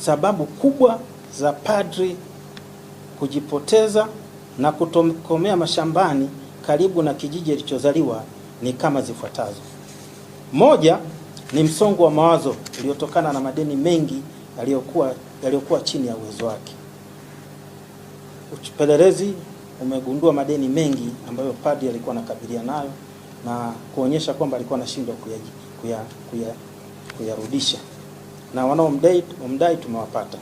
sababu kubwa za padri kujipoteza na kutokomea mashambani karibu na kijiji alichozaliwa ni kama zifuatazo. Moja ni msongo wa mawazo uliotokana na madeni mengi yaliyokuwa yaliyokuwa chini ya uwezo wake. Upelelezi umegundua madeni mengi ambayo padri alikuwa anakabiliana nayo na kuonyesha kwamba alikuwa anashindwa kuyarudisha kuya, kuya, kuya na wanaomdai tumewapata.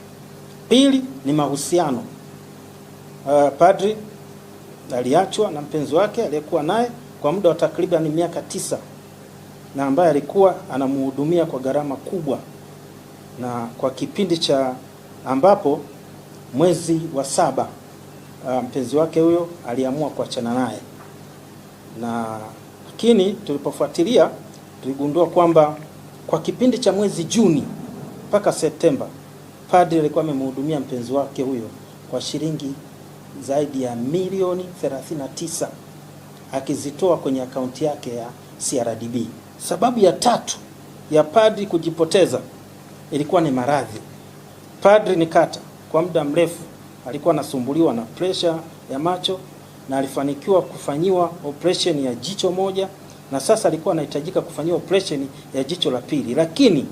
Pili ni mahusiano. Uh, padri aliachwa na mpenzi wake aliyekuwa naye kwa muda wa takriban miaka tisa na ambaye alikuwa anamhudumia kwa gharama kubwa, na kwa kipindi cha ambapo mwezi wa saba uh, mpenzi wake huyo aliamua kuachana naye, na lakini tulipofuatilia tuligundua kwamba kwa kipindi cha mwezi Juni mpaka Septemba padri alikuwa amemhudumia mpenzi wake huyo kwa shilingi zaidi ya milioni 39 akizitoa kwenye akaunti yake ya CRDB. Sababu ya tatu ya padri kujipoteza ilikuwa ni maradhi. Padri Nikata kwa muda mrefu alikuwa anasumbuliwa na presha ya macho na alifanikiwa kufanyiwa operation ya jicho moja na sasa alikuwa anahitajika kufanyiwa operation ya jicho la pili, lakini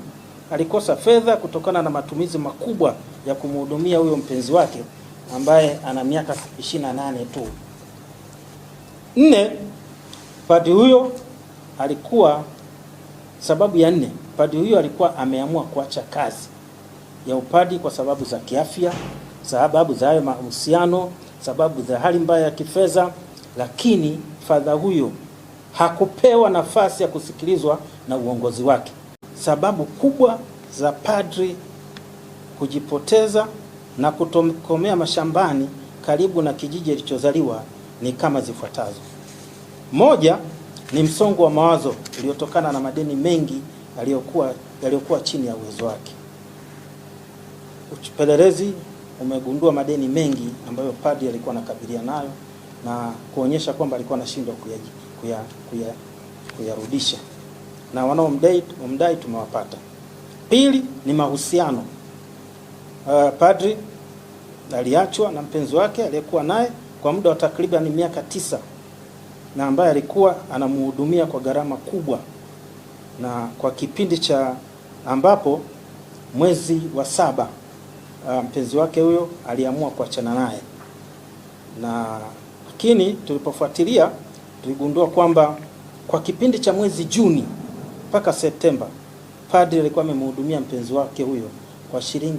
alikosa fedha kutokana na matumizi makubwa ya kumhudumia huyo mpenzi wake ambaye ana miaka 28 tu. Nne, padi huyo alikuwa sababu ya nne, padi huyo alikuwa ameamua kuacha kazi ya upadi kwa sababu za kiafya, sababu za hayo mahusiano, sababu za hali mbaya ya kifedha, lakini fadha huyo hakupewa nafasi ya kusikilizwa na uongozi wake sababu kubwa za padri kujipoteza na kutokomea mashambani karibu na kijiji alichozaliwa ni kama zifuatazo. Moja ni msongo wa mawazo uliotokana na madeni mengi yaliyokuwa yaliyokuwa chini ya uwezo wake. Upelelezi umegundua madeni mengi ambayo padri alikuwa anakabiliana nayo na kuonyesha kwamba alikuwa anashindwa kuyarudisha kuya, kuya, kuya na wanaomdai tumewapata. Pili ni mahusiano. Uh, padri aliachwa na mpenzi wake aliyekuwa naye kwa muda wa takriban miaka tisa na ambaye alikuwa anamhudumia kwa gharama kubwa, na kwa kipindi cha ambapo mwezi wa saba uh, mpenzi wake huyo aliamua kuachana naye, na lakini tulipofuatilia tuligundua kwamba kwa kipindi cha mwezi Juni mpaka Septemba padri alikuwa amemhudumia mpenzi wake huyo kwa shilingi